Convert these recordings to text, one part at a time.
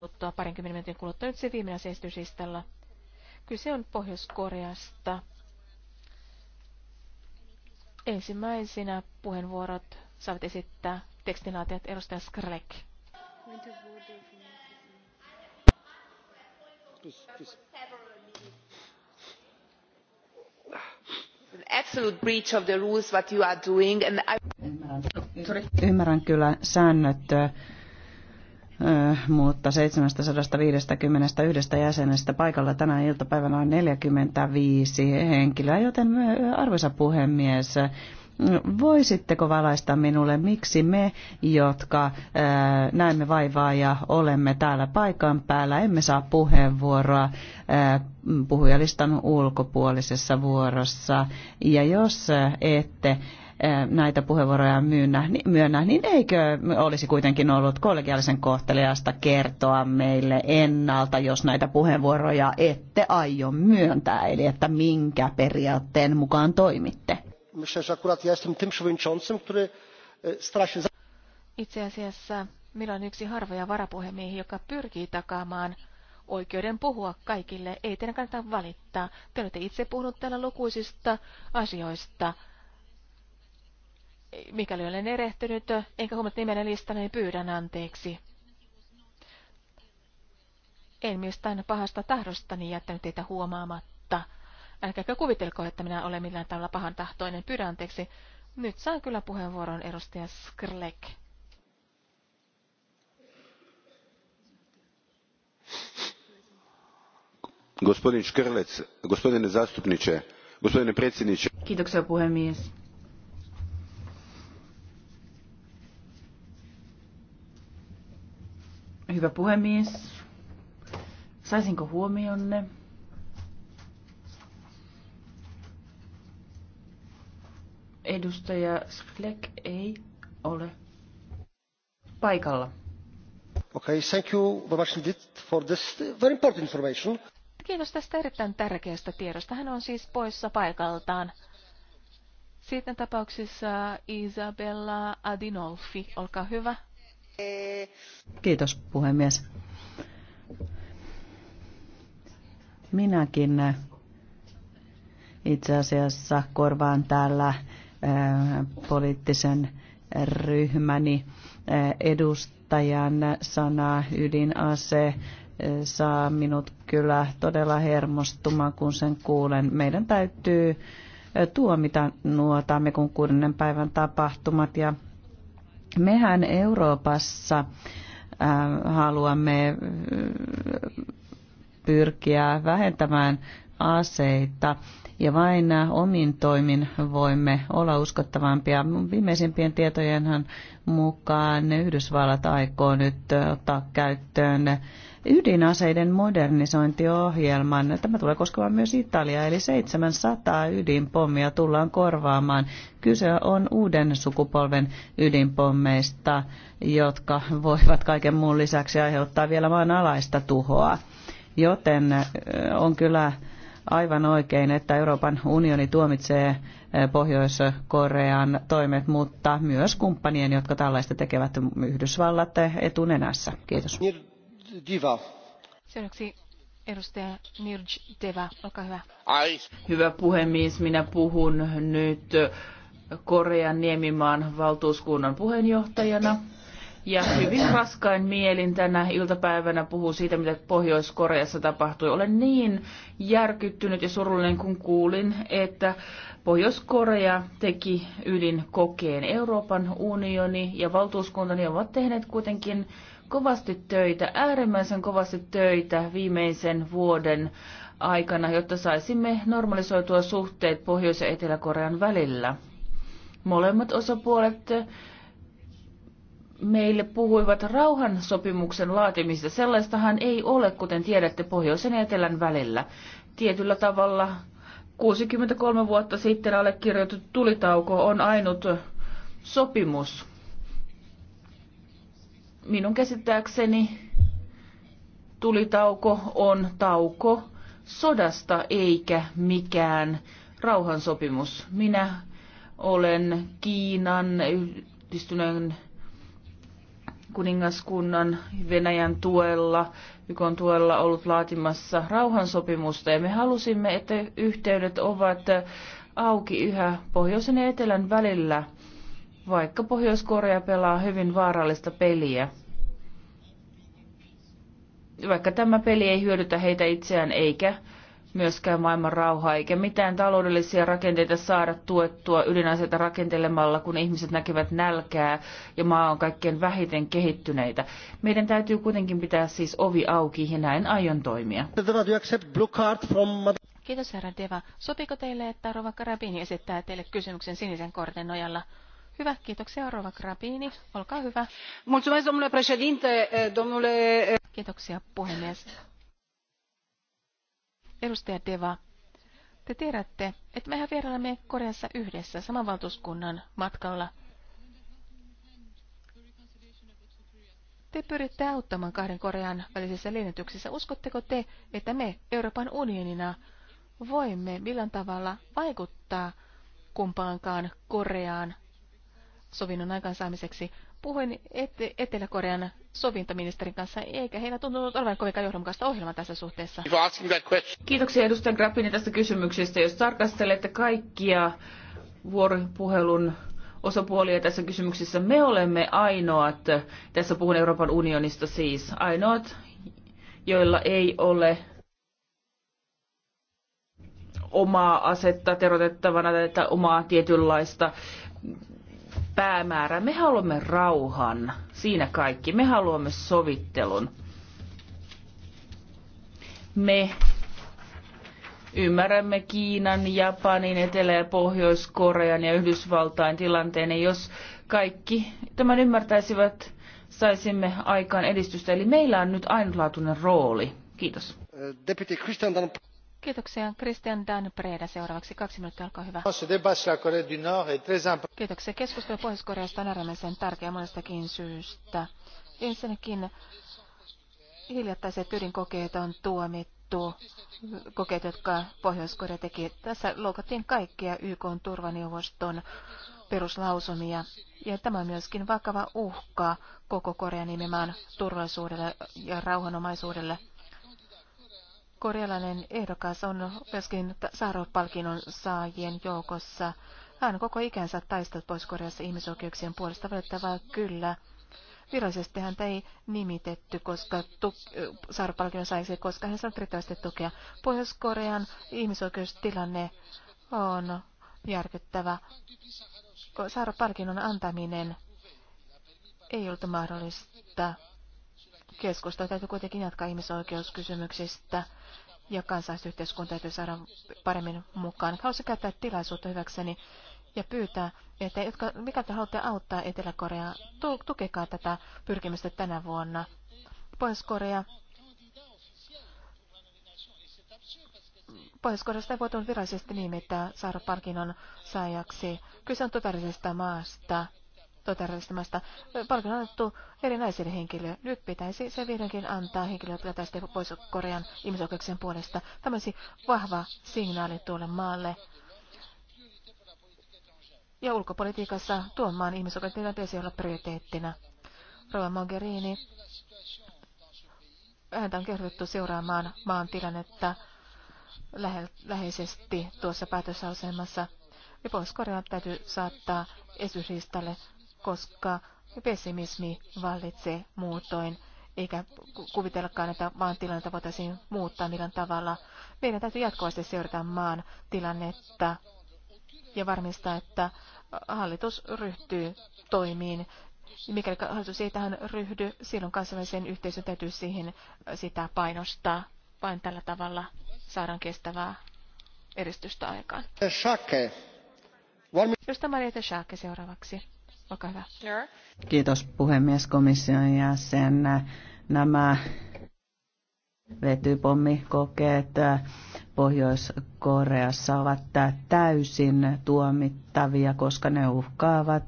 kuluttua, parinkymmenen minuutin kuluttua. Nyt se viimeinen esityslistalla. Kyse on Pohjois-Koreasta. Ensimmäisenä puheenvuorot saavat esittää tekstinaatiot edustaja Skrelek. absolute breach of the rules what you are doing and I... ymmärrän kyllä säännöt Äh, mutta 751 jäsenestä paikalla tänä iltapäivänä on 45 henkilöä, joten äh, arvoisa puhemies, äh, voisitteko valaista minulle, miksi me, jotka näemme vaivaa ja olemme täällä paikan päällä, emme saa puheenvuoroa puhujalistan ulkopuolisessa vuorossa, ja jos ette Eh, näitä puheenvuoroja myynnä, myönnä, niin eikö olisi kuitenkin ollut kollegiaalisen kohteliasta kertoa meille ennalta, jos näitä puheenvuoroja ette aio myöntää, eli että minkä periaatteen mukaan toimitte? E, itse asiassa minä olen yksi harvoja varapuhemiehiä, joka pyrkii takaamaan oikeuden puhua kaikille. Ei teidän kannata valittaa. Te olette itse puhunut täällä lukuisista asioista, mikäli olen erehtynyt, enkä huomannut nimeni listana, niin pyydän anteeksi. En mistään pahasta tahdostani niin jättänyt teitä huomaamatta. Älkääkö kuvitelko, että minä olen millään tavalla pahan tahtoinen. Pyydän anteeksi. Nyt saan kyllä puheenvuoron edustaja Skrlek. Gospodin Skrlec, gospodine zastupniče, gospodine predsjedniče. Kiitoksia puhemies. Hyvä puhemies, saisinko huomionne? Edustaja Sklek ei ole paikalla. Okay, thank you very much indeed for this very important information. Kiitos tästä erittäin tärkeästä tiedosta. Hän on siis poissa paikaltaan. Sitten tapauksessa Isabella Adinolfi, olkaa hyvä. Kiitos puhemies. Minäkin äh, itse asiassa korvaan täällä äh, poliittisen ryhmäni äh, edustajan sana ydinase saa minut kyllä todella hermostumaan, kun sen kuulen. Meidän täytyy tuomita nuo kun kuudennen päivän tapahtumat ja Mehän Euroopassa äh, haluamme äh, pyrkiä vähentämään aseita ja vain omin toimin voimme olla uskottavampia. Viimeisimpien tietojenhan mukaan Yhdysvallat aikoo nyt ottaa käyttöön ydinaseiden modernisointiohjelman. Tämä tulee koskemaan myös Italiaa, eli 700 ydinpommia tullaan korvaamaan. Kyse on uuden sukupolven ydinpommeista, jotka voivat kaiken muun lisäksi aiheuttaa vielä maa-alaista tuhoa. Joten on kyllä aivan oikein, että Euroopan unioni tuomitsee Pohjois-Korean toimet, mutta myös kumppanien, jotka tällaista tekevät Yhdysvallat etunenässä. Kiitos. Diva. Seuraavaksi Edustaja Nirj Deva, olkaa hyvä. Hyvä puhemies, minä puhun nyt Korean Niemimaan valtuuskunnan puheenjohtajana. Ja hyvin raskain mielin tänä iltapäivänä puhuu siitä, mitä Pohjois-Koreassa tapahtui. Olen niin järkyttynyt ja surullinen, kun kuulin, että Pohjois-Korea teki ydinkokeen. Euroopan unioni ja valtuuskuntani ovat tehneet kuitenkin kovasti töitä, äärimmäisen kovasti töitä viimeisen vuoden aikana, jotta saisimme normalisoitua suhteet Pohjois- ja Etelä-Korean välillä. Molemmat osapuolet meille puhuivat rauhansopimuksen laatimista. Sellaistahan ei ole, kuten tiedätte, Pohjoisen ja Etelän välillä. Tietyllä tavalla 63 vuotta sitten allekirjoitettu tulitauko on ainut sopimus minun käsittääkseni tulitauko on tauko sodasta eikä mikään rauhansopimus. Minä olen Kiinan, yhdistyneen kuningaskunnan Venäjän tuella, ykon tuella ollut laatimassa rauhansopimusta ja me halusimme, että yhteydet ovat auki yhä pohjoisen ja etelän välillä – vaikka Pohjois-Korea pelaa hyvin vaarallista peliä. Vaikka tämä peli ei hyödytä heitä itseään eikä myöskään maailman rauhaa, eikä mitään taloudellisia rakenteita saada tuettua ydinaseita rakentelemalla, kun ihmiset näkevät nälkää ja maa on kaikkein vähiten kehittyneitä. Meidän täytyy kuitenkin pitää siis ovi auki ja näin aion toimia. Kiitos herra Deva. Sopiko teille, että Rova Karabini esittää teille kysymyksen sinisen kortin nojalla? Hyvä, kiitoksia. Rova Grabiini, olkaa hyvä. Mulțumesc, domnule președinte, domnule... Kiitoksia, puhemies. Edustaja Deva, te tiedätte, että mehän vierailemme Koreassa yhdessä saman valtuuskunnan matkalla. Te pyritte auttamaan kahden Korean välisissä liennytyksissä. Uskotteko te, että me Euroopan unionina voimme millään tavalla vaikuttaa kumpaankaan Koreaan sovinnon aikaansaamiseksi. Puhuin et- Etelä-Korean sovintaministerin kanssa, eikä heillä tuntunut olevan kovinkaan johdonmukaista ohjelmaa tässä suhteessa. Kiitoksia edustaja Grappini tästä kysymyksestä. Jos tarkastelette kaikkia vuoropuhelun osapuolia tässä kysymyksessä, me olemme ainoat, tässä puhun Euroopan unionista siis, ainoat, joilla ei ole omaa asetta terotettavana tai omaa tietynlaista päämäärä. Me haluamme rauhan. Siinä kaikki. Me haluamme sovittelun. Me ymmärrämme Kiinan, Japanin, Etelä- ja Pohjois-Korean ja Yhdysvaltain tilanteen. Ja jos kaikki tämän ymmärtäisivät, saisimme aikaan edistystä. Eli meillä on nyt ainutlaatuinen rooli. Kiitos. Äh, Deputy Christian Kiitoksia. Christian Dan Preda seuraavaksi. Kaksi minuuttia, olkaa hyvä. Kiitoksia. Keskustelu Pohjois-Koreasta on äärimmäisen tärkeä monestakin syystä. Ensinnäkin hiljattaiset ydinkokeet on tuomittu, kokeet, jotka Pohjois-Korea teki. Tässä loukattiin kaikkia YK turvaneuvoston peruslausumia. Ja tämä on myöskin vakava uhka koko Korean nimenomaan turvallisuudelle ja rauhanomaisuudelle. Korealainen ehdokas on myöskin Saarov-palkinnon saajien joukossa. Hän koko ikänsä taistelut pois Koreassa ihmisoikeuksien puolesta valitettavaa kyllä. Virallisesti häntä ei nimitetty, koska tu- Saarov-palkinnon saisi, koska hän saa riittävästi tukea. Pohjois-Korean ihmisoikeustilanne on järkyttävä. Saarov-palkinnon antaminen ei ollut mahdollista keskustelua täytyy kuitenkin jatkaa ihmisoikeuskysymyksistä ja kansalaisyhteiskunta täytyy saada paremmin mukaan. Haluaisin käyttää tilaisuutta hyväkseni ja pyytää, että jotka, mikä te haluatte auttaa Etelä-Koreaa, tu, tukekaa tätä pyrkimystä tänä vuonna. Pohjois-Korea Pohjois-Koreasta ei voitu virallisesti nimittää Saara Parkinon saajaksi. Kyse on totaalisesta maasta toimintajärjestelmästä. Palkon on annettu erinäisille henkilöille. Nyt pitäisi se vihdoinkin antaa henkilöille, jotka tästä pois Korean ihmisoikeuksien puolesta. Tämä olisi vahva signaali tuolle maalle. Ja ulkopolitiikassa tuon maan ihmisoikeuksien pitäisi olla prioriteettina. Rova Mogherini, häntä on kerrottu seuraamaan maan tilannetta lähe, läheisesti tuossa päätösasemassa. Ja Pohjois-Korea täytyy saattaa esityslistalle koska pessimismi vallitsee muutoin, eikä kuvitellakaan, että maan tilannetta voitaisiin muuttaa millään tavalla. Meidän täytyy jatkuvasti seurata maan tilannetta ja varmistaa, että hallitus ryhtyy toimiin. Mikäli hallitus ei tähän ryhdy, silloin kansainvälisen yhteisön täytyy siihen sitä painostaa. Vain tällä tavalla saadaan kestävää eristystä aikaan. Jos tämä seuraavaksi Olkaa hyvä. Kiitos puhemies komission jäsen. Nämä vetypommikokeet Pohjois-Koreassa ovat täysin tuomittavia, koska ne uhkaavat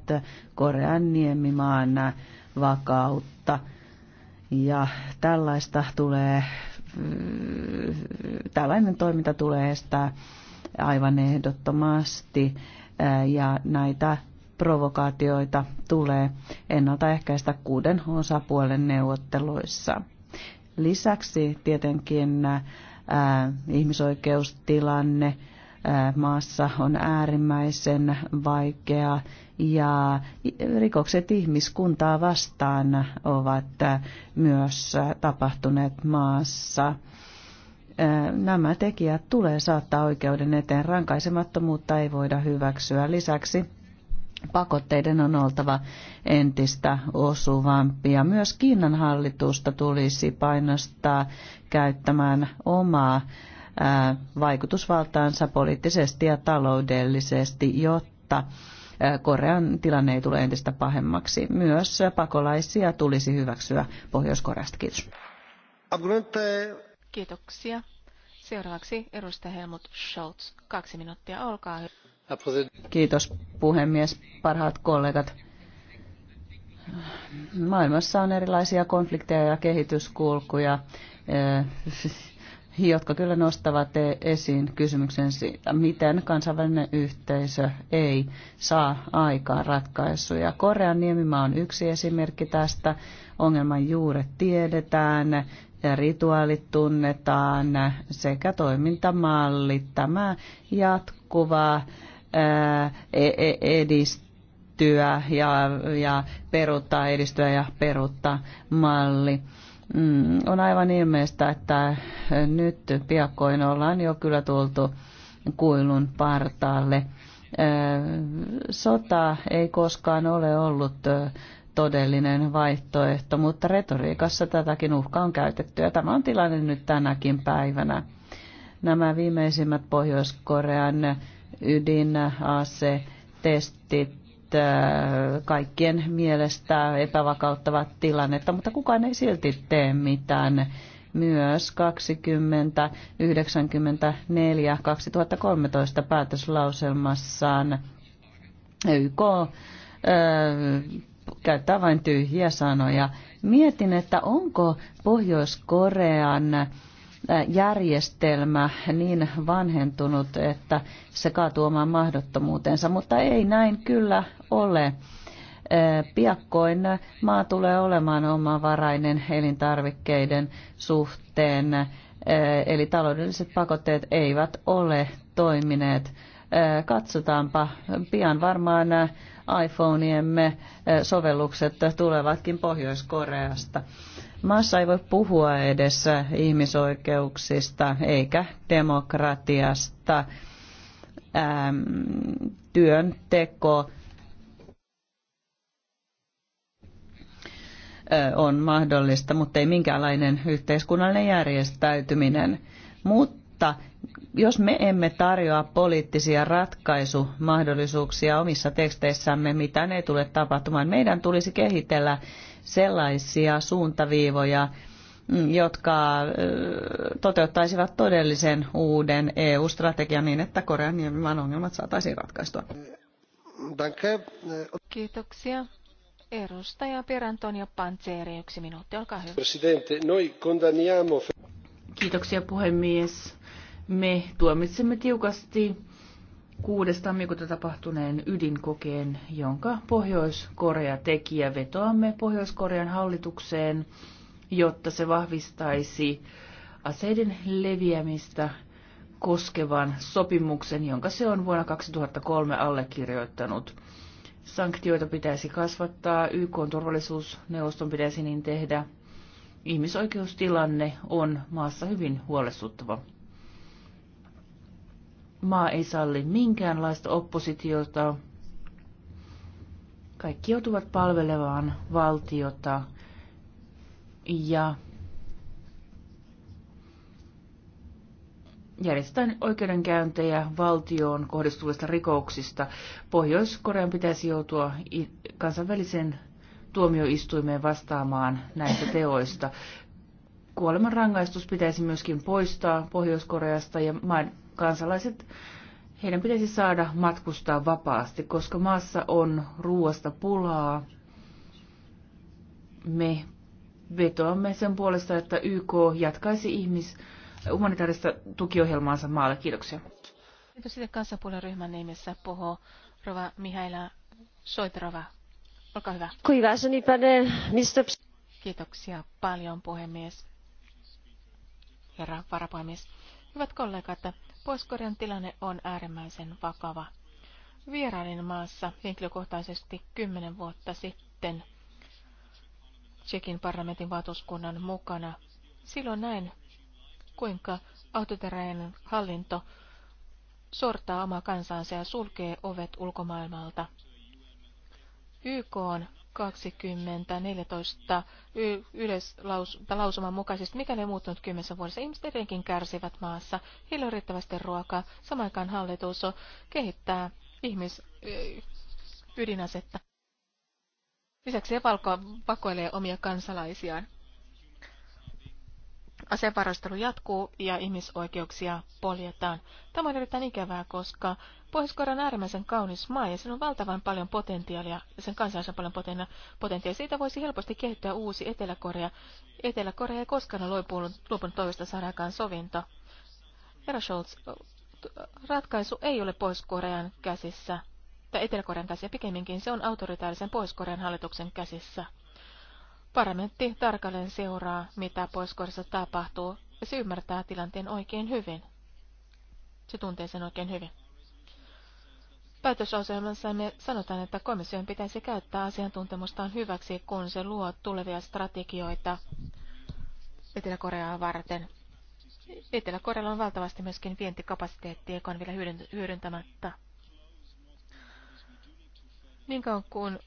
Korean niemimaan vakautta. Ja tällaista tulee, tällainen toiminta tulee estää aivan ehdottomasti ja näitä provokaatioita tulee ennaltaehkäistä kuuden osapuolen neuvotteluissa. Lisäksi tietenkin ää, ihmisoikeustilanne ää, maassa on äärimmäisen vaikea ja rikokset ihmiskuntaa vastaan ovat myös tapahtuneet maassa nämä tekijät tulee saattaa oikeuden eteen. Rankaisemattomuutta ei voida hyväksyä. Lisäksi pakotteiden on oltava entistä osuvampia. Myös Kiinan hallitusta tulisi painostaa käyttämään omaa vaikutusvaltaansa poliittisesti ja taloudellisesti, jotta Korean tilanne ei tule entistä pahemmaksi. Myös pakolaisia tulisi hyväksyä Pohjois-Koreasta. Kiitos. Kiitoksia. Seuraavaksi edustaja Helmut Scholz. Kaksi minuuttia, olkaa hyvä. Kiitos puhemies, parhaat kollegat. Maailmassa on erilaisia konflikteja ja kehityskulkuja, eh, jotka kyllä nostavat esiin kysymyksen siitä, miten kansainvälinen yhteisö ei saa aikaan ratkaisuja. Korean niemimaa on yksi esimerkki tästä. Ongelman juuret tiedetään, ja rituaalit tunnetaan sekä toimintamallit. Tämä jatkuvaa E, e, edistyä ja, ja peruuttaa, edistyä ja peruuttaa malli. Mm, on aivan ilmeistä, että nyt piakkoin ollaan jo kyllä tultu kuilun partaalle. Sota ei koskaan ole ollut todellinen vaihtoehto, mutta retoriikassa tätäkin uhkaa on käytetty ja tämä on tilanne nyt tänäkin päivänä. Nämä viimeisimmät Pohjois-Korean ASE testit, äh, kaikkien mielestä epävakauttavat tilannetta, mutta kukaan ei silti tee mitään. Myös 2094 2013 päätöslauselmassaan YK öö, äh, käyttää vain tyhjiä sanoja. Mietin, että onko Pohjois-Korean järjestelmä niin vanhentunut, että se kaatuu omaan mahdottomuutensa, mutta ei näin kyllä ole. Piakkoin maa tulee olemaan omavarainen elintarvikkeiden suhteen, eli taloudelliset pakotteet eivät ole toimineet. Katsotaanpa, pian varmaan iPhoneiemme sovellukset tulevatkin Pohjois-Koreasta. Maassa ei voi puhua edessä ihmisoikeuksista eikä demokratiasta. Ähm, työnteko äh, on mahdollista, mutta ei minkäänlainen yhteiskunnallinen järjestäytyminen. Mutta jos me emme tarjoa poliittisia ratkaisumahdollisuuksia omissa teksteissämme, mitä ne ei tule tapahtumaan, meidän tulisi kehitellä sellaisia suuntaviivoja, mm, jotka toteuttaisivat todellisen uuden EU-strategian niin, että Korean niemimaan ongelmat saataisiin ratkaistua. Kiitoksia. Edustaja ja Pantseeri, yksi minuutti, olkaa hyvä. Presidente, noi condanniamo... Kiitoksia puhemies. Me tuomitsemme tiukasti 6. tammikuuta tapahtuneen ydinkokeen, jonka Pohjois-Korea teki ja vetoamme Pohjois-Korean hallitukseen, jotta se vahvistaisi aseiden leviämistä koskevan sopimuksen, jonka se on vuonna 2003 allekirjoittanut. Sanktioita pitäisi kasvattaa, YK turvallisuusneuvoston pitäisi niin tehdä. Ihmisoikeustilanne on maassa hyvin huolestuttava maa ei salli minkäänlaista oppositiota. Kaikki joutuvat palvelevaan valtiota ja järjestetään oikeudenkäyntejä valtioon kohdistuvista rikoksista. Pohjois-Korean pitäisi joutua kansainvälisen tuomioistuimeen vastaamaan näistä teoista. Kuoleman rangaistus pitäisi myöskin poistaa Pohjois-Koreasta ja maan kansalaiset, heidän pitäisi saada matkustaa vapaasti, koska maassa on ruoasta pulaa. Me vetoamme sen puolesta, että YK jatkaisi ihmis humanitaarista tukiohjelmaansa maalle. Kiitoksia. Kiitos sitten kansanpuolen ryhmän nimessä puhuu Rova Mihaila Soitrova. Olkaa hyvä. Kiitoksia paljon puhemies. Herra varapuhemies. Hyvät kollegat, pohjois tilanne on äärimmäisen vakava. Vierailin maassa henkilökohtaisesti kymmenen vuotta sitten Tsekin parlamentin valtuuskunnan mukana. Silloin näin, kuinka autoteräinen hallinto sortaa omaa kansansa ja sulkee ovet ulkomaailmalta. YK on 2014 y- yleislausuman mukaisesti, mikä ei muuttunut kymmenessä vuodessa. Ihmiset edelleenkin kärsivät maassa, heillä on riittävästi ruokaa, samaan aikaan hallitus kehittää ihmis ydinasetta. Lisäksi he valko- pakoilee omia kansalaisiaan asevarastelu jatkuu ja ihmisoikeuksia poljetaan. Tämä on erittäin ikävää, koska pohjois on äärimmäisen kaunis maa ja sen on valtavan paljon potentiaalia ja sen kansalaisen paljon potentiaalia. Siitä voisi helposti kehittyä uusi Etelä-Korea. Etelä-Korea ei koskaan ole luopunut, luopunut toivosta saada sovinto. Herra Scholz, ratkaisu ei ole Pohjois-Korean käsissä, tai Etelä-Korean käsissä pikemminkin, se on autoritaarisen Pohjois-Korean hallituksen käsissä. Parlamentti tarkalleen seuraa, mitä Pohjois-Koreassa tapahtuu, ja se ymmärtää tilanteen oikein hyvin. Se tuntee sen oikein hyvin. me sanotaan, että komission pitäisi käyttää asiantuntemustaan hyväksi, kun se luo tulevia strategioita Etelä-Koreaa varten. Etelä-Korealla on valtavasti myöskin vientikapasiteettia, joka on vielä hyödyntämättä. Niin kauan kuin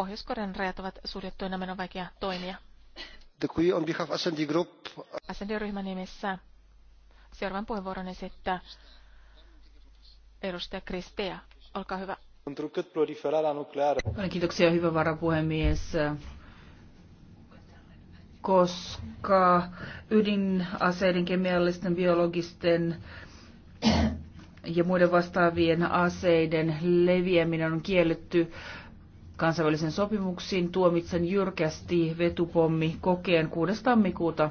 Pohjois-Korean rajat ovat suljettuina, meidän on vaikea toimia. Asendi ryhmän nimissä seuraavan puheenvuoron esittää edustaja Kristea. Olkaa hyvä. kiitoksia, hyvä varapuhemies. Koska ydinaseiden kemiallisten, biologisten ja muiden vastaavien aseiden leviäminen on kielletty kansainvälisen sopimuksiin. Tuomitsen jyrkästi vetupommi kokeen 6. tammikuuta.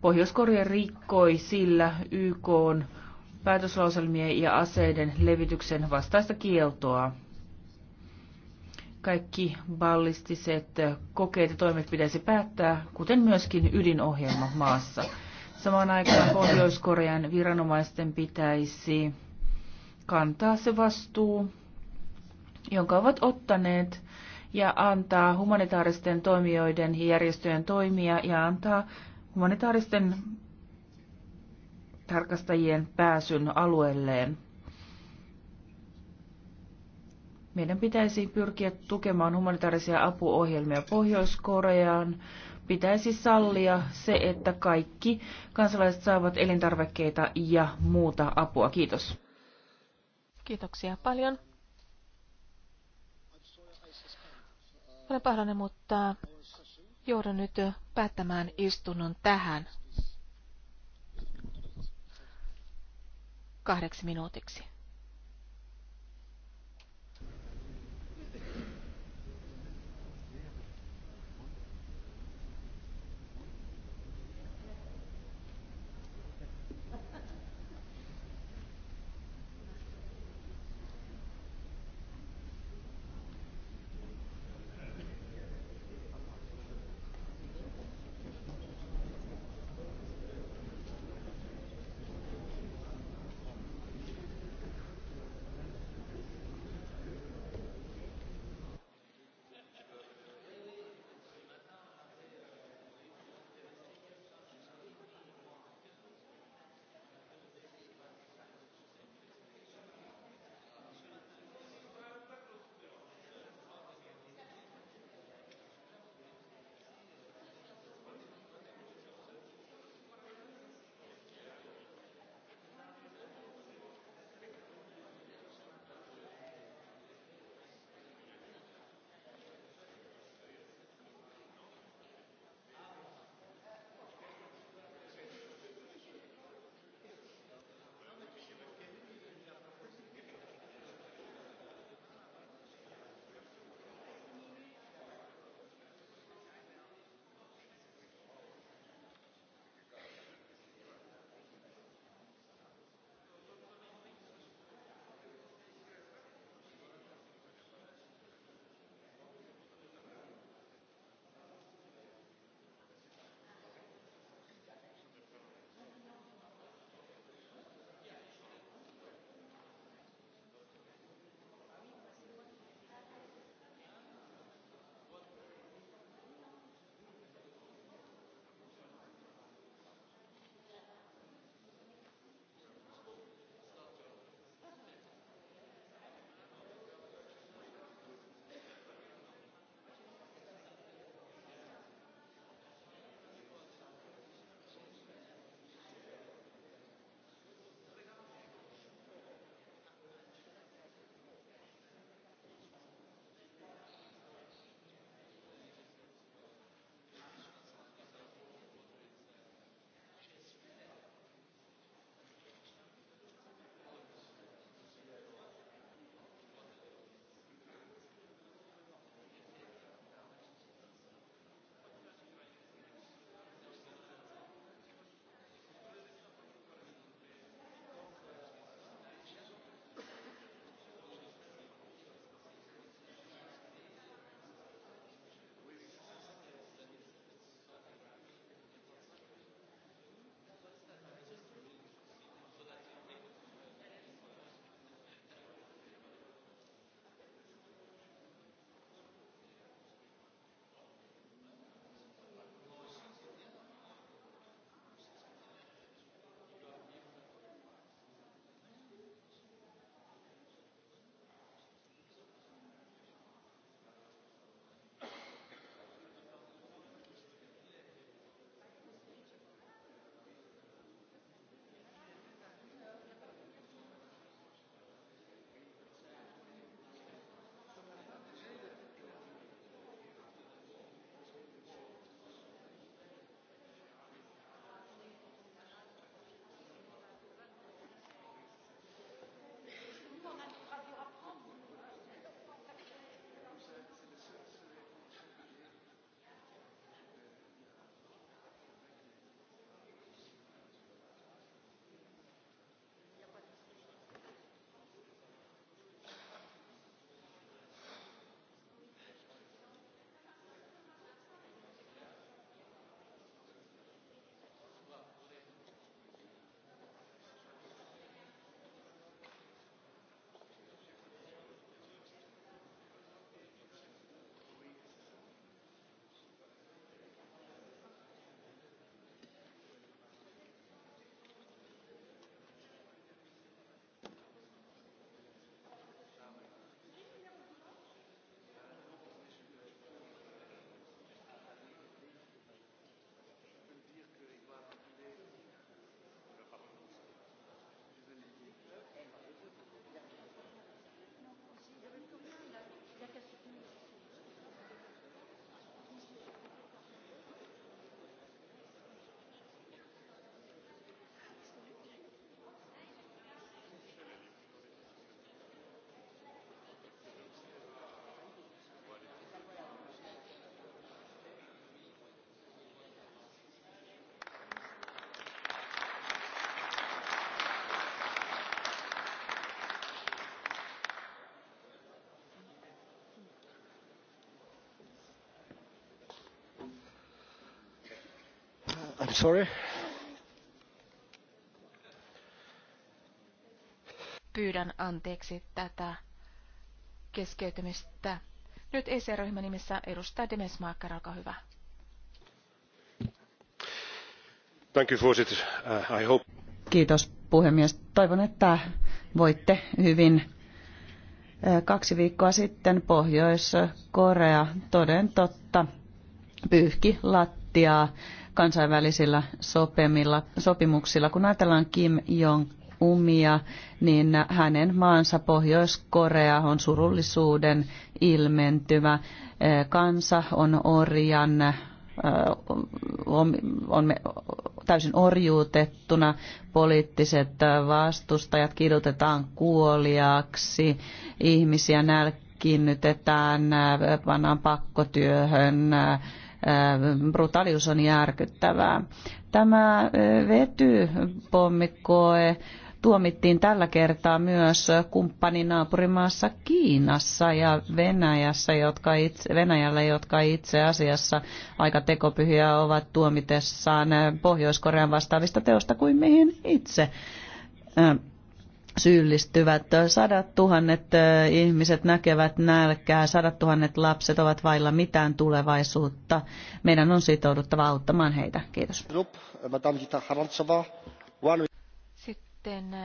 Pohjois-Korea rikkoi sillä YK päätöslauselmien ja aseiden levityksen vastaista kieltoa. Kaikki ballistiset kokeet ja toimet pitäisi päättää, kuten myöskin ydinohjelma maassa. Samaan aikaan Pohjois-Korean viranomaisten pitäisi kantaa se vastuu, jonka ovat ottaneet ja antaa humanitaaristen toimijoiden ja järjestöjen toimia ja antaa humanitaaristen tarkastajien pääsyn alueelleen. Meidän pitäisi pyrkiä tukemaan humanitaarisia apuohjelmia Pohjois-Koreaan. Pitäisi sallia se, että kaikki kansalaiset saavat elintarvikkeita ja muuta apua. Kiitos. Kiitoksia paljon. Olen pahoillani, mutta joudun nyt päättämään istunnon tähän kahdeksi minuutiksi. I'm sorry. Pyydän anteeksi tätä keskeytymistä. Nyt EC-ryhmän nimissä edustaa Demesmaakkar, olkaa hyvä. Thank you, uh, I hope... Kiitos puhemies. Toivon, että voitte hyvin. Uh, kaksi viikkoa sitten Pohjois-Korea toden totta pyyhki lattiaa kansainvälisillä sopimilla, sopimuksilla. Kun ajatellaan Kim Jong-umia, niin hänen maansa Pohjois-Korea on surullisuuden ilmentymä. Kansa on orjan on, on täysin orjuutettuna, poliittiset vastustajat kidutetaan kuoliaksi, ihmisiä nälkiinnytetään, pannaan pakkotyöhön, brutalius on järkyttävää. Tämä vetypommikoe tuomittiin tällä kertaa myös kumppaninaapurimaassa Kiinassa ja Venäjässä, jotka itse, Venäjällä, jotka itse asiassa aika tekopyhiä ovat tuomitessaan Pohjois-Korean vastaavista teosta kuin mihin itse syyllistyvät. Sadat tuhannet ihmiset näkevät nälkää, sadat tuhannet lapset ovat vailla mitään tulevaisuutta. Meidän on sitouduttava auttamaan heitä. Kiitos. Sitten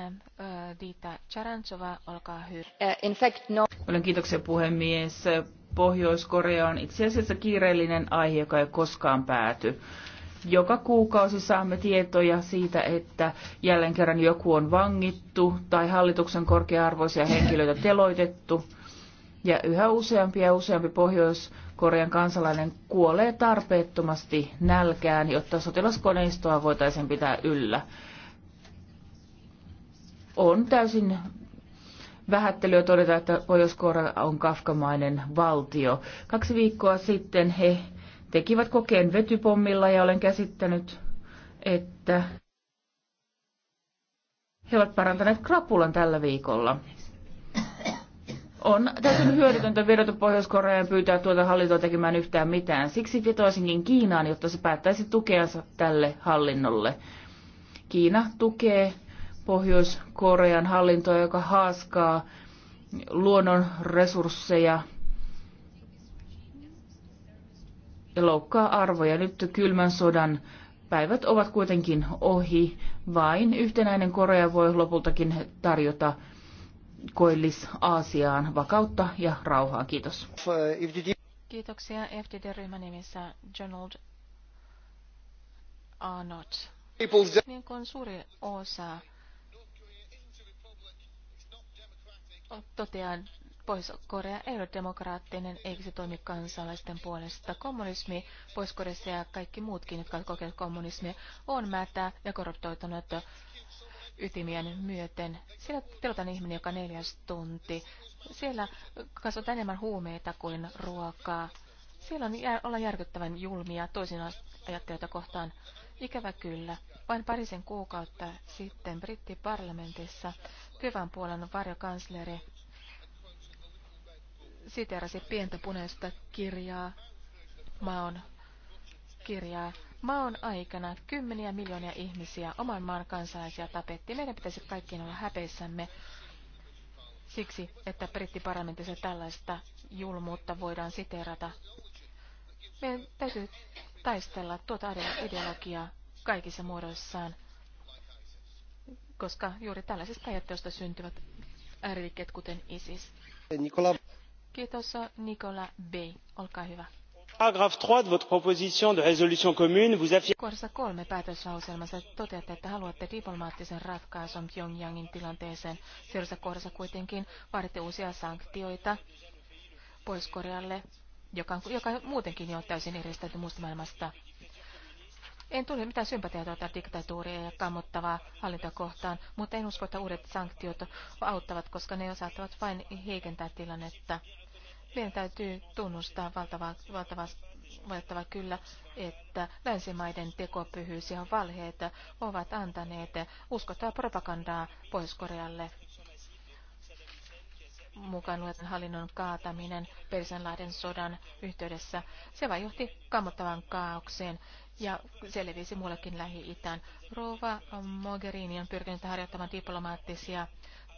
Dita Charantsova, olkaa hyvä. Uh, in fact, no. Olen kiitoksia puhemies. Pohjois-Korea on itse asiassa kiireellinen aihe, joka ei koskaan pääty. Joka kuukausi saamme tietoja siitä, että jälleen kerran joku on vangittu tai hallituksen korkea-arvoisia henkilöitä teloitettu. Ja yhä useampi ja useampi Pohjois-Korean kansalainen kuolee tarpeettomasti nälkään, jotta sotilaskoneistoa voitaisiin pitää yllä. On täysin vähättelyä todeta, että Pohjois-Korea on kafkamainen valtio. Kaksi viikkoa sitten he tekivät kokeen vetypommilla ja olen käsittänyt, että he ovat parantaneet krapulan tällä viikolla. On täysin hyödytöntä vedota pohjois ja pyytää tuota hallintoa tekemään yhtään mitään. Siksi vetoisinkin Kiinaan, jotta se päättäisi tukeansa tälle hallinnolle. Kiina tukee Pohjois-Korean hallintoa, joka haaskaa luonnon resursseja – loukkaa arvoja. Nyt kylmän sodan päivät ovat kuitenkin ohi. Vain yhtenäinen Korea voi lopultakin tarjota koillis-Aasiaan vakautta ja rauhaa. Kiitos. Kiitoksia FDD-ryhmän nimissä Donald Arnott. Niin kuin suuri osa toteaa. Pohjois-Korea ei ole demokraattinen, eikä se toimi kansalaisten puolesta. Kommunismi Pohjois-Koreassa ja kaikki muutkin, jotka ovat kokeneet kommunismia, on mätä ja korruptoitunut ytimien myöten. Siellä telotaan ihminen joka neljäs tunti. Siellä kasvataan enemmän huumeita kuin ruokaa. Siellä on, ollaan järkyttävän julmia toisin ajattelijoita kohtaan. Ikävä kyllä. Vain parisen kuukautta sitten brittiparlamentissa Kyvän puolen varjokansleri siterasi pientä punaista kirjaa, Maon kirjaa. Maon aikana kymmeniä miljoonia ihmisiä, oman maan kansalaisia tapettiin. Meidän pitäisi kaikkien olla häpeissämme siksi, että brittiparlamentissa tällaista julmuutta voidaan siterata. Meidän täytyy taistella tuota ideologiaa kaikissa muodoissaan, koska juuri tällaisesta ajattelusta syntyvät ääriliikkeet, kuten ISIS. Nikola. Kiitos Nikola B. Olkaa hyvä. Paragraf 3 de votre proposition de résolution commune, vous affirmez... Kohdassa kolme päätöslauselmassa toteatte, että haluatte diplomaattisen ratkaisun Pyongyangin tilanteeseen. Seuraavassa kohdassa kuitenkin vaaditte uusia sanktioita Pohjois-Korealle, joka, joka muutenkin jo on täysin eristetty muusta maailmasta. En tule mitään sympatiaa tuota diktatuuria ja kammottavaa hallintoa kohtaan, mutta en usko, että uudet sanktiot auttavat, koska ne saattavat vain heikentää tilannetta. Meidän täytyy tunnustaa valtava, valtava, valtava kyllä, että länsimaiden tekopyhyys ja valheet ovat antaneet uskottavaa propagandaa Pohjois-Korealle mukaan luetan hallinnon kaataminen Persianlahden sodan yhteydessä. Se vain johti kammottavan kaaukseen ja selvisi muullekin Lähi-Itään. Rova Mogherini on pyrkinyt harjoittamaan diplomaattisia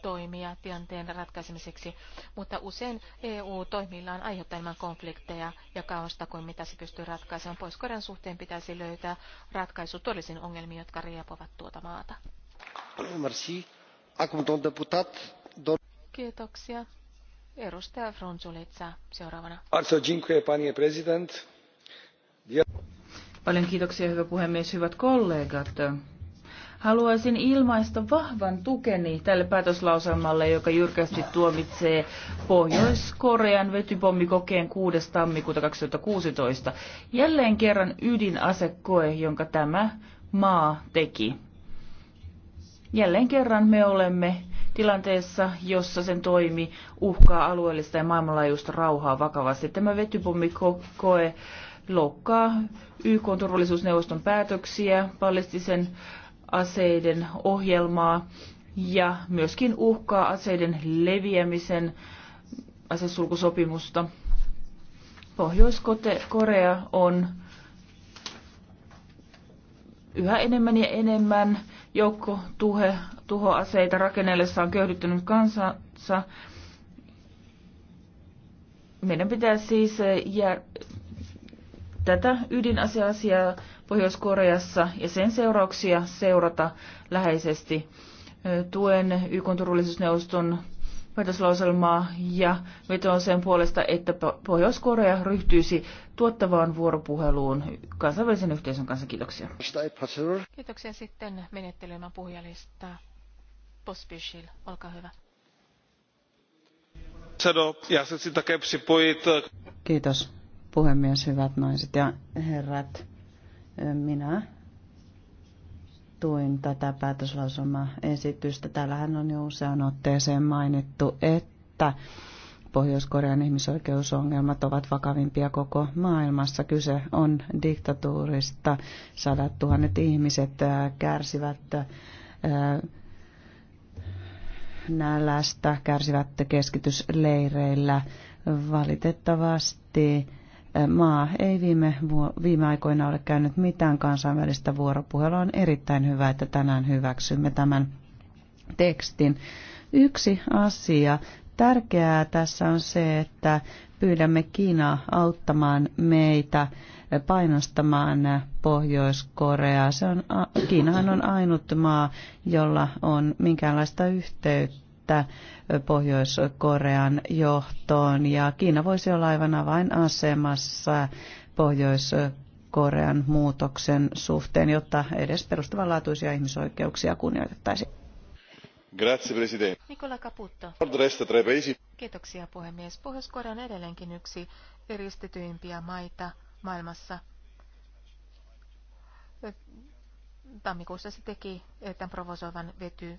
toimia tilanteen ratkaisemiseksi, mutta usein EU toimillaan aiheuttaa enemmän konflikteja ja kaosta kuin mitä se pystyy ratkaisemaan. Pois Korean suhteen pitäisi löytää ratkaisu todellisiin ongelmiin, jotka riepovat tuota maata. Merci. Acum, deputat, Kiitoksia. Edustaja Frunzulitsa seuraavana. Also, dziękuję, panie president. Paljon kiitoksia, hyvä puhemies, hyvät kollegat. Haluaisin ilmaista vahvan tukeni tälle päätöslauselmalle, joka jyrkästi tuomitsee Pohjois-Korean vetypommikokeen 6. tammikuuta 2016. Jälleen kerran ydinasekoe, jonka tämä maa teki. Jälleen kerran me olemme tilanteessa, jossa sen toimi uhkaa alueellista ja maailmanlaajuista rauhaa vakavasti. Tämä vetypommikoe loukkaa YK turvallisuusneuvoston päätöksiä, palestisen aseiden ohjelmaa ja myöskin uhkaa aseiden leviämisen asesulkusopimusta. Pohjois-Korea on yhä enemmän ja enemmän joukko tuhe, tuhoaseita rakennellessaan köyhdyttänyt kansansa. Meidän pitää siis tätä ydinasiasiaa Pohjois-Koreassa ja sen seurauksia seurata läheisesti. Tuen YK turvallisuusneuvoston päätöslauselmaa ja vetoan sen puolesta, että Pohjois-Korea ryhtyisi tuottavaan vuoropuheluun kansainvälisen yhteisön kanssa. Kiitoksia. Kiitoksia sitten menettelymän puhujalista. Pospisil, olkaa hyvä. Kiitos puhemies, hyvät naiset ja herrat. Minä tuin tätä päätöslausumaesitystä. Täällähän on jo useaan otteeseen mainittu, että Pohjois-Korean ihmisoikeusongelmat ovat vakavimpia koko maailmassa. Kyse on diktatuurista. Sadat tuhannet ihmiset äh, kärsivät äh, nälästä, kärsivät keskitysleireillä. Valitettavasti maa ei viime, viime aikoina ole käynyt mitään kansainvälistä vuoropuhelua. On erittäin hyvä, että tänään hyväksymme tämän tekstin. Yksi asia. Tärkeää tässä on se, että pyydämme Kiinaa auttamaan meitä painostamaan Pohjois-Koreaa. Se on, Kiinahan on ainut maa, jolla on minkäänlaista yhteyttä yhteyttä Pohjois-Korean johtoon ja Kiina voisi olla aivan avainasemassa Pohjois-Korean muutoksen suhteen, jotta edes perustavanlaatuisia ihmisoikeuksia kunnioitettaisiin. Grazie, Nicola Caputo. Kiitoksia puhemies. Pohjois-Korea on edelleenkin yksi eristetyimpiä maita maailmassa tammikuussa se teki tämän provosoivan vety,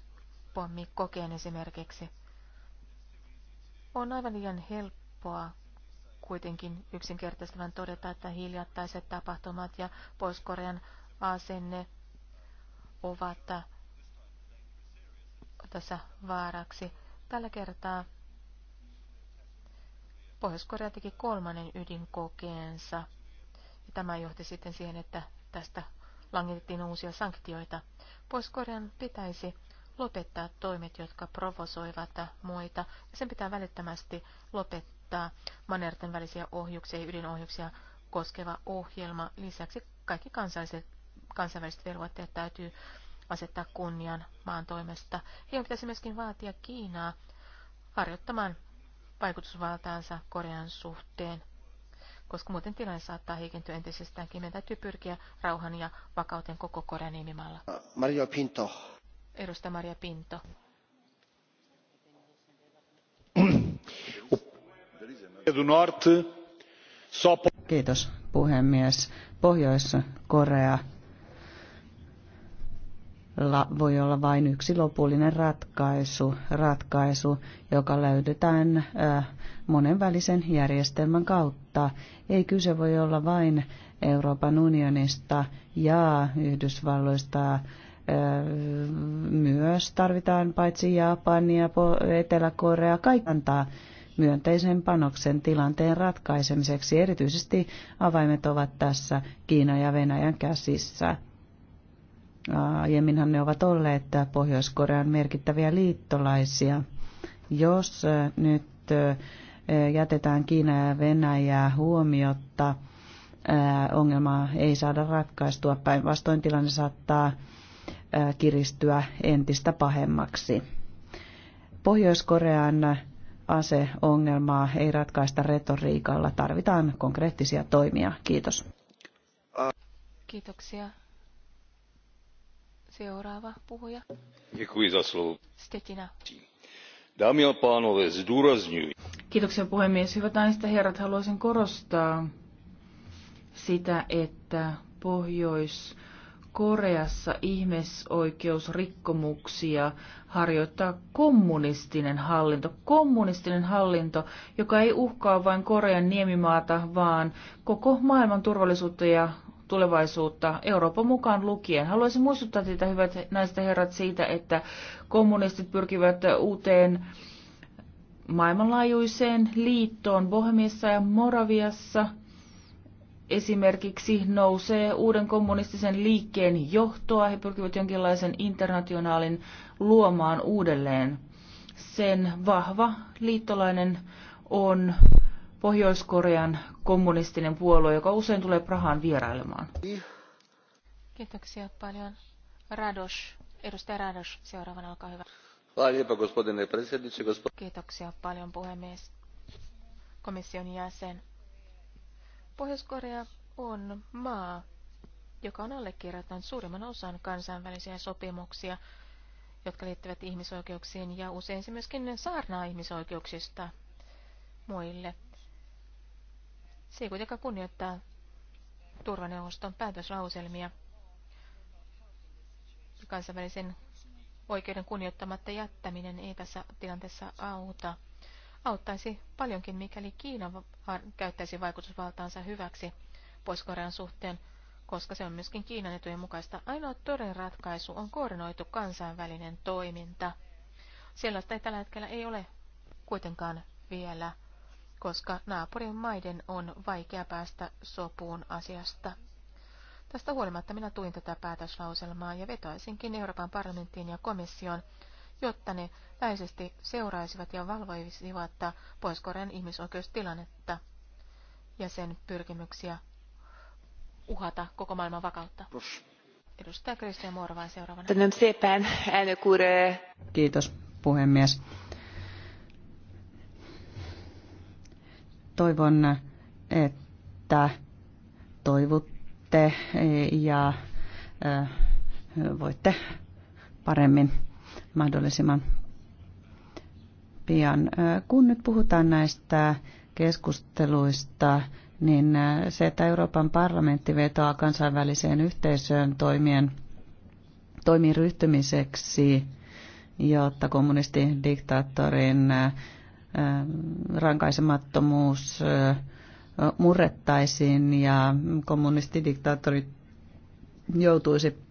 pommi kokeen esimerkiksi. On aivan liian helppoa kuitenkin yksinkertaistavan todeta, että hiljattaiset tapahtumat ja Pohjois-Korean asenne ovat tässä vaaraksi. Tällä kertaa Pohjois-Korea teki kolmannen ydinkokeensa. Ja tämä johti sitten siihen, että tästä langitettiin uusia sanktioita. Pohjois-Korean pitäisi lopettaa toimet, jotka provosoivat muita. Sen pitää välittömästi lopettaa manerten välisiä ohjuksia ja ydinohjuksia koskeva ohjelma. Lisäksi kaikki kansalliset, kansainväliset velvoitteet täytyy asettaa kunnian maan toimesta. Heidän pitäisi myöskin vaatia Kiinaa harjoittamaan vaikutusvaltaansa Korean suhteen, koska muuten tilanne saattaa heikentyä entisestäänkin. Meidän täytyy pyrkiä rauhan ja vakauteen koko Korean nimimaalla. Mario Pinto edustaja Maria Pinto. Kiitos puhemies. Pohjois-Korea voi olla vain yksi lopullinen ratkaisu, ratkaisu joka löydetään äh, monenvälisen järjestelmän kautta. Ei kyse voi olla vain Euroopan unionista ja Yhdysvalloista myös tarvitaan paitsi Japania, Etelä-Korea, kaikantaa myönteisen panoksen tilanteen ratkaisemiseksi. Erityisesti avaimet ovat tässä Kiina ja Venäjän käsissä. Aiemminhan ne ovat olleet Pohjois-Korean merkittäviä liittolaisia. Jos nyt jätetään Kiina ja Venäjää huomiotta, ongelmaa ei saada ratkaistua. Päinvastoin tilanne saattaa kiristyä entistä pahemmaksi. Pohjois-Korean aseongelmaa ei ratkaista retoriikalla, tarvitaan konkreettisia toimia. Kiitos. Kiitoksia. Seuraava puhuja. Stetina. Kiitoksia puhemies. Hyvät naiset ja herrat, haluaisin korostaa sitä, että Pohjois- Koreassa ihmisoikeusrikkomuksia harjoittaa kommunistinen hallinto. Kommunistinen hallinto, joka ei uhkaa vain Korean niemimaata, vaan koko maailman turvallisuutta ja tulevaisuutta Euroopan mukaan lukien. Haluaisin muistuttaa teitä, hyvät naiset herrat, siitä, että kommunistit pyrkivät uuteen maailmanlaajuiseen liittoon Bohemiassa ja Moraviassa – esimerkiksi nousee uuden kommunistisen liikkeen johtoa. He pyrkivät jonkinlaisen internationaalin luomaan uudelleen. Sen vahva liittolainen on Pohjois-Korean kommunistinen puolue, joka usein tulee Prahaan vierailemaan. Kiitoksia paljon. Rados, edustaja Rados, seuraavana olkaa hyvä. Kiitoksia paljon puhemies, komission jäsen. Pohjois-Korea on maa, joka on allekirjoittanut suurimman osan kansainvälisiä sopimuksia, jotka liittyvät ihmisoikeuksiin ja usein se myöskin saarnaa ihmisoikeuksista muille. Se ei kuitenkaan kunnioittaa turvaneuvoston päätöslauselmia kansainvälisen oikeuden kunnioittamatta jättäminen ei tässä tilanteessa auta. Auttaisi paljonkin, mikäli Kiina käyttäisi vaikutusvaltaansa hyväksi pois korean suhteen, koska se on myöskin Kiinan etujen mukaista. Ainoa toden ratkaisu on koordinoitu kansainvälinen toiminta. Sellaista ei tällä hetkellä ei ole kuitenkaan vielä, koska naapurin maiden on vaikea päästä sopuun asiasta. Tästä huolimatta minä tuin tätä päätöslauselmaa ja vetoisinkin Euroopan parlamenttiin ja komission, jotta ne läisesti seuraisivat ja valvoisivat Pohjois-Korean ihmisoikeustilannetta ja sen pyrkimyksiä uhata koko maailman vakautta. Edustaja Kristian Morvain seuraavana. Kiitos puhemies. Toivon, että toivutte ja voitte paremmin mahdollisimman pian. Kun nyt puhutaan näistä keskusteluista, niin se, että Euroopan parlamentti vetoaa kansainväliseen yhteisöön toimien, toimiin ryhtymiseksi, jotta kommunistidiktaattorin rankaisemattomuus murrettaisiin ja kommunistidiktaattori joutuisi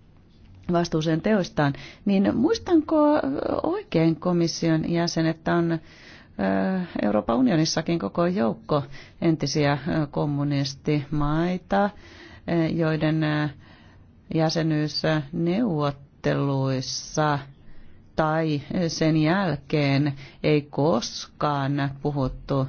vastuuseen teoistaan, niin muistanko oikein komission jäsen, että on Euroopan unionissakin koko joukko entisiä kommunistimaita, joiden neuvotteluissa tai sen jälkeen ei koskaan puhuttu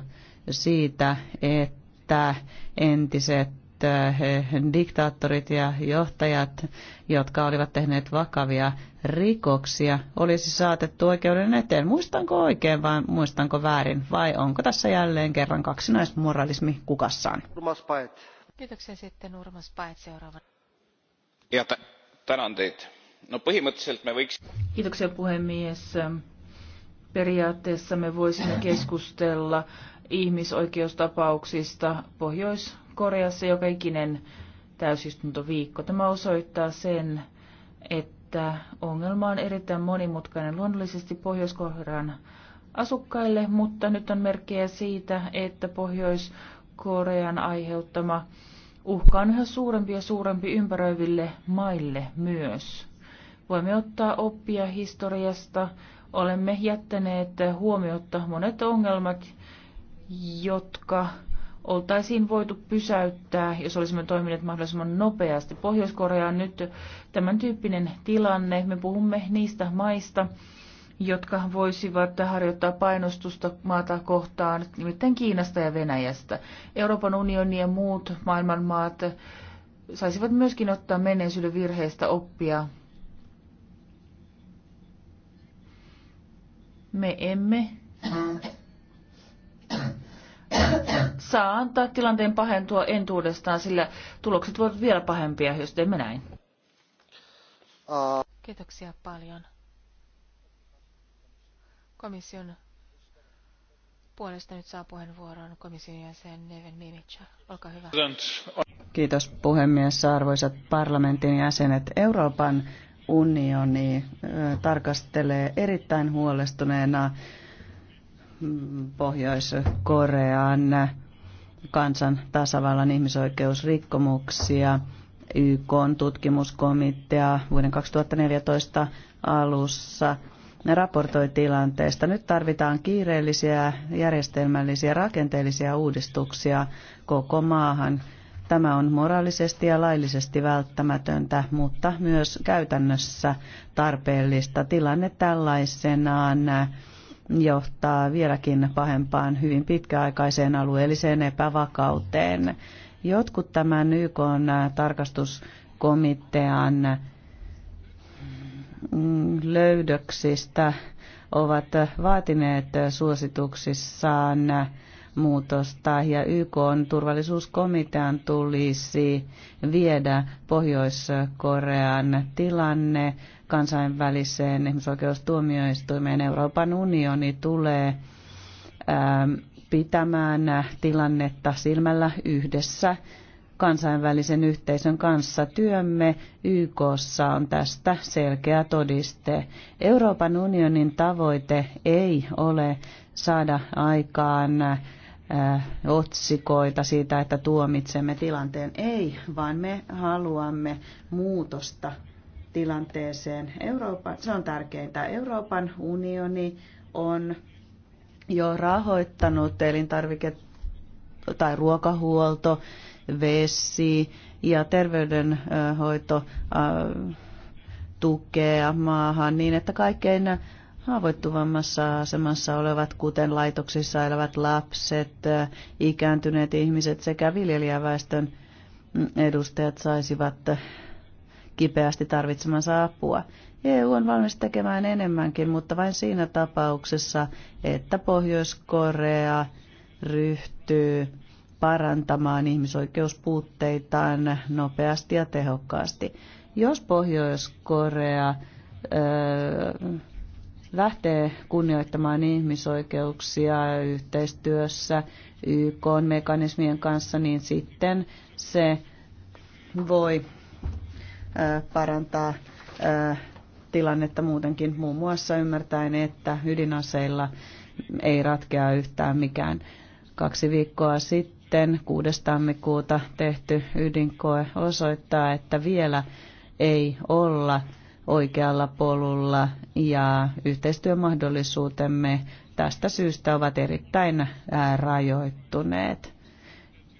siitä, että entiset Eh, diktaattorit ja johtajat, jotka olivat tehneet vakavia rikoksia, olisi saatettu oikeuden eteen. Muistanko oikein vai muistanko väärin? Vai onko tässä jälleen kerran kaksinaismoralismi kukassaan? Urmas Paet. Kiitoksia sitten Urmas Paet seuraavana. Ja tänään teitä. No põhimõtteliselt me võiks... Kiitoksia puhemies. Periaatteessa me voisimme keskustella ihmisoikeustapauksista Pohjois- Koreassa joka ikinen täysistuntoviikko. Tämä osoittaa sen, että ongelma on erittäin monimutkainen luonnollisesti pohjois asukkaille, mutta nyt on merkkejä siitä, että Pohjois-Korean aiheuttama uhka on yhä suurempi ja suurempi ympäröiville maille myös. Voimme ottaa oppia historiasta. Olemme jättäneet huomiotta monet ongelmat, jotka oltaisiin voitu pysäyttää, jos olisimme toimineet mahdollisimman nopeasti. Pohjois-Korea on nyt tämän tyyppinen tilanne. Me puhumme niistä maista, jotka voisivat harjoittaa painostusta maata kohtaan, nimittäin Kiinasta ja Venäjästä. Euroopan unioni ja muut maailmanmaat saisivat myöskin ottaa menneisyyden virheistä oppia. Me emme saa antaa tilanteen pahentua entuudestaan, sillä tulokset voivat vielä pahempia, jos teemme näin. Kiitoksia paljon. Komission puolesta nyt saa puheenvuoron komission jäsen Neven Mimicha. Olkaa hyvä. Kiitos puhemies, arvoisat parlamentin jäsenet. Euroopan unioni tarkastelee erittäin huolestuneena mm, Pohjois-Korean kansan tasavallan ihmisoikeusrikkomuksia. YK tutkimuskomitea vuoden 2014 alussa ne raportoi tilanteesta. Nyt tarvitaan kiireellisiä, järjestelmällisiä, rakenteellisia uudistuksia koko maahan. Tämä on moraalisesti ja laillisesti välttämätöntä, mutta myös käytännössä tarpeellista. Tilanne tällaisenaan johtaa vieläkin pahempaan, hyvin pitkäaikaiseen alueelliseen epävakauteen. Jotkut tämän YK tarkastuskomitean mm, löydöksistä ovat vaatineet suosituksissaan muutosta ja YK turvallisuuskomitean tulisi viedä Pohjois-Korean tilanne kansainväliseen ihmisoikeustuomioistuimeen Euroopan unioni tulee ähm, pitämään tilannetta silmällä yhdessä kansainvälisen yhteisön kanssa. Työmme YKssa on tästä selkeä todiste. Euroopan unionin tavoite ei ole saada aikaan äh, otsikoita siitä, että tuomitsemme tilanteen. Ei, vaan me haluamme muutosta tilanteeseen. Eurooppa, se on tärkeintä. Euroopan unioni on jo rahoittanut elintarvike- tai ruokahuolto, vesi ja terveydenhoito tukea maahan niin, että kaikkein haavoittuvammassa asemassa olevat, kuten laitoksissa elävät lapset, ikääntyneet ihmiset sekä viljelijäväestön edustajat saisivat kipeästi tarvitsemansa apua. EU on valmis tekemään enemmänkin, mutta vain siinä tapauksessa, että Pohjois-Korea ryhtyy parantamaan ihmisoikeuspuutteitaan nopeasti ja tehokkaasti. Jos Pohjois-Korea lähtee kunnioittamaan ihmisoikeuksia yhteistyössä YK-mekanismien kanssa, niin sitten se voi parantaa tilannetta muutenkin, muun muassa ymmärtäen, että ydinaseilla ei ratkea yhtään mikään. Kaksi viikkoa sitten 6. tammikuuta tehty ydinkoe osoittaa, että vielä ei olla oikealla polulla ja yhteistyömahdollisuutemme tästä syystä ovat erittäin rajoittuneet.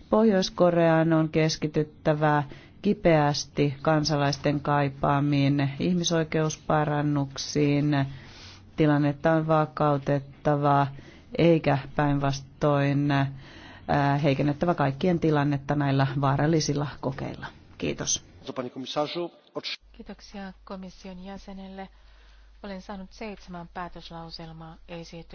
Pohjois-Koreaan on keskityttävä kipeästi kansalaisten kaipaamiin ihmisoikeusparannuksiin. Tilannetta on vakautettava eikä päinvastoin äh, heikennettävä kaikkien tilannetta näillä vaarallisilla kokeilla. Kiitos. Kiitoksia komission jäsenelle. Olen saanut seitsemän päätöslauselmaa esitystä.